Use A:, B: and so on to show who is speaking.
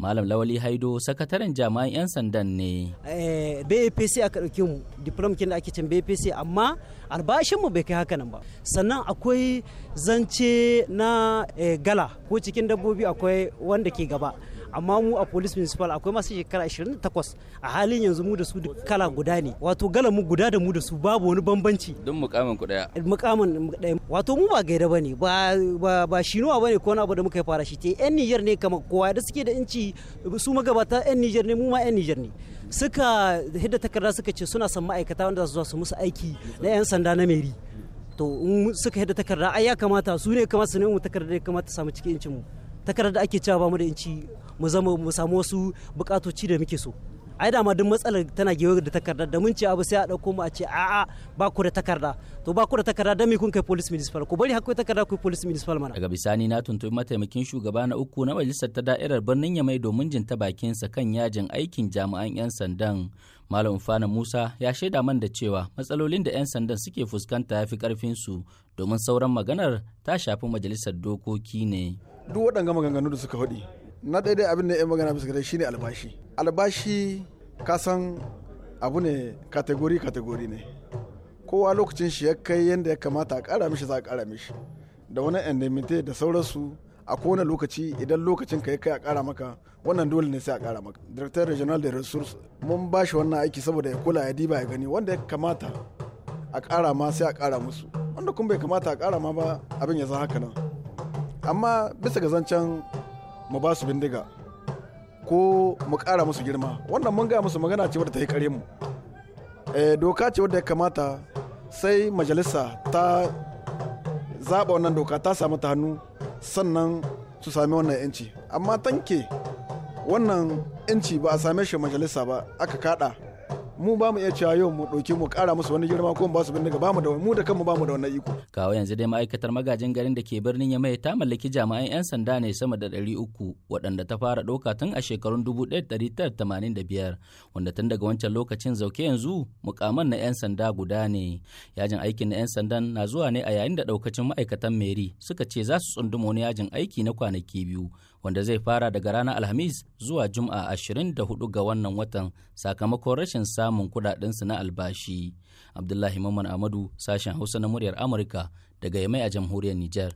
A: Malam Lawali Haido sakataren jami'an 'yan sandan ne.
B: Eh, BAPC aka ɗauki mu diplom da ake cin BAPC amma albashin mu bai kai haka nan ba. Sannan akwai zance na eh, gala ko cikin dabbobi akwai wanda ke gaba. amma mu a police municipal akwai masu shekara 28 a halin yanzu mu da su kala guda ne wato gala mu guda da mu da su babu wani bambanci don mukamin ku daya mukamin daya wato mu ba gaida bane ba ba ba shinuwa bane ko wani abu da muka fara shi te yan Niger ne kamar kowa da suke da inci su magabata yan Niger ne mu ma yan Niger ne suka hidda takarda suka ce suna son ma'aikata wanda za su musu aiki na yan sanda na meri to suka hidda takarda ai ya kamata su ne kamar su ne mu takarda ya kamata samu cikin incin mu takarar da ake cewa ba mu da inci mu zama mu samu wasu bukatoci da muke so ai ma duk matsalar tana gewar da takarda da mun ce abu sai a dauko mu a ce a'a ba ku da takarda to ba ku da takarda dan me kun kai police municipal ku bari hakuri takarda ku police municipal mana
A: daga bisani na tuntubi mataimakin shugaba na uku na majalisar ta da'irar birnin Yamai domin jin ta bakin sa kan yajin aikin jami'an yan sandan Malam Fana Musa ya shaida man da cewa matsalolin da 'yan sandan suke fuskanta yafi fi karfin su domin sauran maganar ta shafi majalisar dokoki ne.
C: duk waɗanga maganganu da suka faɗi na daidai abin da ya magana bisa gare shine albashi albashi ka san abu ne kategori kategori ne kowa lokacin shi ya kai yadda ya kamata a ƙara mishi za a ƙara mishi da wani endemite da sauransu a kowane lokaci idan lokacin ka ya kai a ƙara maka wannan dole ne sai a ƙara maka director regional da resource mun ba shi wannan aiki saboda ya kula ya diba ya gani wanda ya kamata a ƙara ma sai a ƙara musu wanda kuma bai kamata a ƙara ma ba abin ya za haka nan amma bisa ga zancen mu ba su bindiga ko mu kara musu girma wannan mun gaya musu magana ce wadda ta yi kare mu eh, doka ce wadda ya kamata sai majalisa ta zaɓa wannan doka ta samu ta hannu sannan su sami wannan yanci amma tanke wannan yanci ba a same shi majalisa ba aka kaɗa. mu ba mu iya cewa yau mu ɗauki mu ƙara musu wani girma ko mu ba su bindiga ba mu da mu da kanmu ba mu da wannan iko.
A: Kawo yanzu dai ma'aikatar magajin garin da ke birnin ya mai ta mallaki jami'an 'yan sanda ne sama da ɗari uku waɗanda ta fara ɗauka tun a shekarun dubu ɗaya ɗari tara tamanin da biyar wanda tun daga wancan lokacin zauke yanzu mukaman na 'yan sanda guda ne. Yajin aikin na 'yan sandan na zuwa ne a yayin da ɗaukacin ma'aikatan Meri suka ce za su tsunduma wani yajin aiki na kwanaki biyu wanda zai fara daga ranar alhamis zuwa juma'a 24 ga wannan watan sakamakon rashin samun kudadensu na albashi abdullahi mamman amadu sashen hausa na muryar amurka daga yamai a jamhuriyar niger